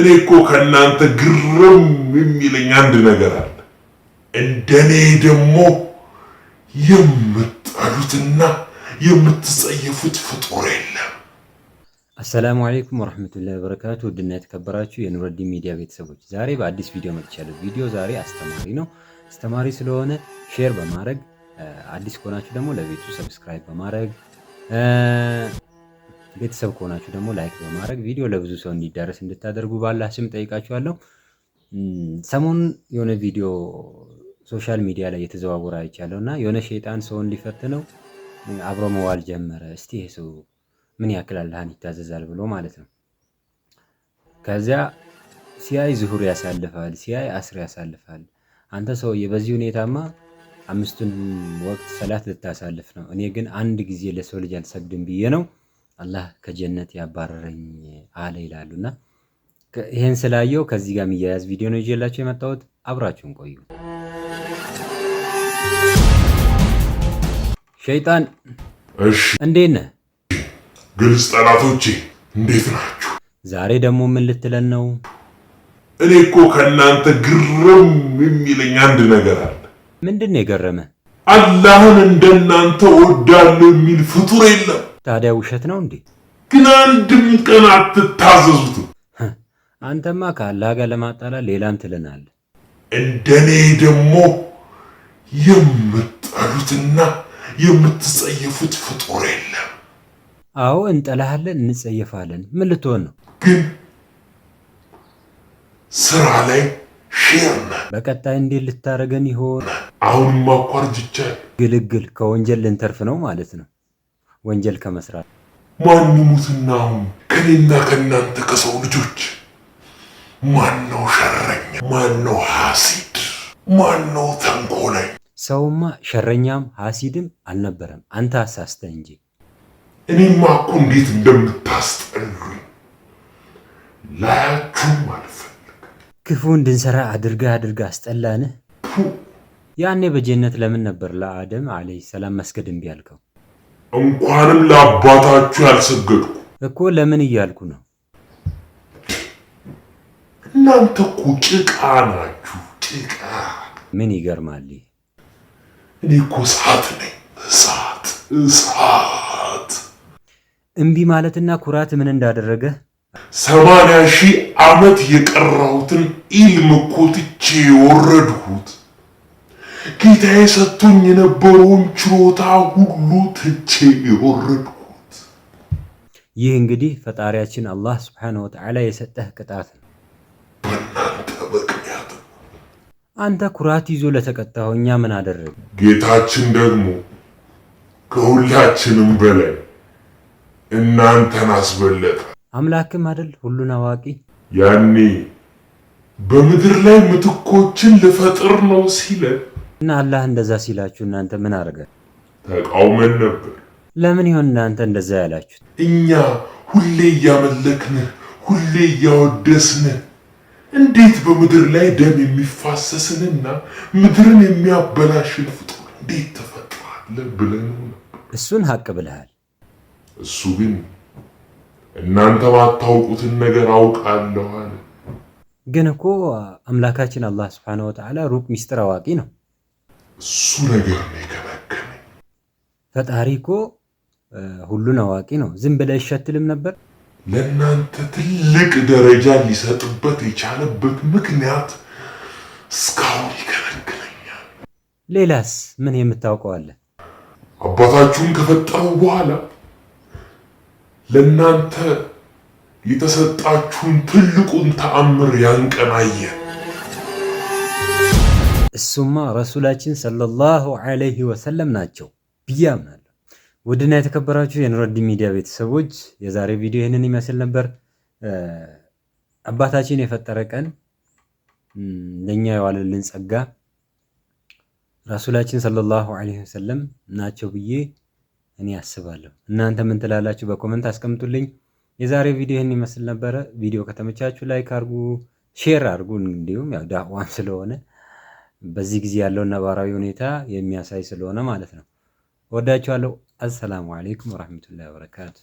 እኔ እኮ ከእናንተ ግርም የሚለኝ አንድ ነገር አለ። እንደኔ ደግሞ የምትጠሉትና የምትጸየፉት ፍጡር የለም። አሰላሙ አሌይኩም ወረሕመቱላሂ ወበረካቱ። ውድና የተከበራችሁ የኑረዲን ሚዲያ ቤተሰቦች ዛሬ በአዲስ ቪዲዮ መጥቻለሁ። ቪዲዮ ዛሬ አስተማሪ ነው። አስተማሪ ስለሆነ ሼር በማድረግ አዲስ ከሆናችሁ ደግሞ ለቤቱ ሰብስክራይብ በማድረግ ቤተሰብ ከሆናችሁ ደግሞ ላይክ በማድረግ ቪዲዮ ለብዙ ሰው እንዲዳረስ እንድታደርጉ ባላ ስም ጠይቃችኋለሁ። ሰሞኑን የሆነ ቪዲዮ ሶሻል ሚዲያ ላይ የተዘዋወረ አይቻለሁ እና የሆነ ሸይጣን ሰውን ሊፈትነው አብሮ መዋል ጀመረ። እስቲ ይሄ ሰው ምን ያክል አላህን ይታዘዛል ብሎ ማለት ነው። ከዚያ ሲያይ ዝሁር ያሳልፋል፣ ሲያይ አስር ያሳልፋል። አንተ ሰውዬ በዚህ ሁኔታማ አምስቱን ወቅት ሰላት ልታሳልፍ ነው። እኔ ግን አንድ ጊዜ ለሰው ልጅ አልሰግድም ብዬ ነው አላህ ከጀነት ያባረረኝ አለ ይላሉ። እና ይህን ስላየው ከዚህ ጋር የሚያያዝ ቪዲዮ ነው ይዤላቸው የመጣሁት። አብራችሁን ቆዩ። ሸይጣን እንዴት ነህ? ግልጽ ጠላቶቼ እንዴት ናችሁ? ዛሬ ደግሞ ምን ልትለን ነው? እኔ እኮ ከእናንተ ግርም የሚለኝ አንድ ነገር አለ። ምንድን ነው የገረመ? አላህን እንደናንተ ወዳለሁ የሚል ፍጡር የለም። ታዲያ ውሸት ነው እንዴ? ግን አንድም ቀን አትታዘዙትም። አንተማ ከአላህ ጋር ለማጣላት ሌላም ትለናለህ። እንደኔ ደግሞ የምጠሉትና የምትጸየፉት ፍጡር የለም። አዎ እንጠላሃለን፣ እንጸየፋለን። ምን ልትሆን ነው? ግን ስራ ላይ ሼር በቀጣይ እንዴት ልታረገን ይሆን? አሁን እኮ ግልግል ከወንጀል ልንተርፍ ነው ማለት ነው። ወንጀል ከመስራት ማን ሙትና አሁን ከኔና ከእናንተ ከሰው ልጆች ማነው ሸረኛ? ማነው ሐሲድ? ማነው ተንኮላይ? ሰውማ ሸረኛም ሐሲድም አልነበረም። አንተ አሳስተ እንጂ እኔማ እኮ እንዴት እንደምታስጠሉኝ ላያችሁም አልፈልግም። ክፉ እንድንሰራ አድርጋ አድርጋ አስጠላንህ። ያኔ በጀነት ለምን ነበር ለአደም አለይ ሰላም መስገድ እምቢ አልከው? እንኳንም ለአባታችሁ ያልሰገድኩ እኮ ለምን እያልኩ ነው። እናንተ እኮ ጭቃ ናችሁ፣ ጭቃ። ምን ይገርማል። እኔ እኮ እሳት ነኝ፣ እሳት፣ እሳት። እምቢ ማለትና ኩራት ምን እንዳደረገ ሰማንያ ሺህ ዓመት የቀራሁትን ኢልም እኮ ትቼ የወረድሁት ጌታ የሰጡኝ የነበረውን ችሎታ ሁሉ ትቼ የወረድኩት። ይህ እንግዲህ ፈጣሪያችን አላህ ስብሓነሁ ወተዓላ የሰጠህ ቅጣት ነው። በእናንተ ምክንያት አንተ ኩራት ይዞ ለተቀጣኸው እኛ ምን አደረግ? ጌታችን ደግሞ ከሁላችንም በላይ እናንተን አስበለጠ። አምላክም አደል ሁሉን አዋቂ። ያኔ በምድር ላይ ምትኮችን ልፈጥር ነው ሲለን እና አላህ እንደዛ ሲላችሁ እናንተ ምን አደረገ? ተቃውመን ነበር። ለምን ይሆን እናንተ እንደዛ ያላችሁት? እኛ ሁሌ እያመለክን ሁሌ እያወደስን እንዴት በምድር ላይ ደም የሚፋሰስንና ምድርን የሚያበላሽን ፍጡር እንዴት ተፈጥሯል ብለን እሱን ሀቅ ብለሃል። እሱ ግን እናንተ ባታውቁትን ነገር አውቃለሁ አለ። ግን እኮ አምላካችን አላህ ስብሐነሁ ወተዓላ ሩቅ ሚስጥር አዋቂ ነው። እሱ ነገር ነው የከመከመኝ። ፈጣሪ እኮ ሁሉን አዋቂ ነው። ዝም ብለህ ይሸትልም ነበር። ለእናንተ ትልቅ ደረጃ ሊሰጥበት የቻለበት ምክንያት እስካሁን ይከለክለኛል። ሌላስ ምን አለ? አባታችሁን ከፈጠሩ በኋላ ለእናንተ የተሰጣችሁን ትልቁን ተአምር ያንቀናየን እሱማ ረሱላችን ሰለላሁ ዐለይሂ ወሰለም ናቸው ብዬ አምናለሁ። ውድና የተከበራችሁ የኑረዲ ሚዲያ ቤተሰቦች የዛሬ ቪዲዮ ይህንን ይመስል ነበር። አባታችን የፈጠረ ቀን ለእኛ የዋለልን ጸጋ ረሱላችን ሰለላሁ ዐለይሂ ወሰለም ናቸው ብዬ እኔ አስባለሁ። እናንተ ምን ትላላችሁ? በኮመንት አስቀምጡልኝ። የዛሬ ቪዲዮ ይህን ይመስል ነበረ። ቪዲዮ ከተመቻችሁ ላይክ አርጉ፣ ሼር አርጉ። እንዲሁም ያው ዳዕዋም ስለሆነ በዚህ ጊዜ ያለውን ነባራዊ ሁኔታ የሚያሳይ ስለሆነ ማለት ነው። ወዳችኋለሁ። አሰላሙ አሌይኩም ወረህመቱላሂ ወበረካቱ።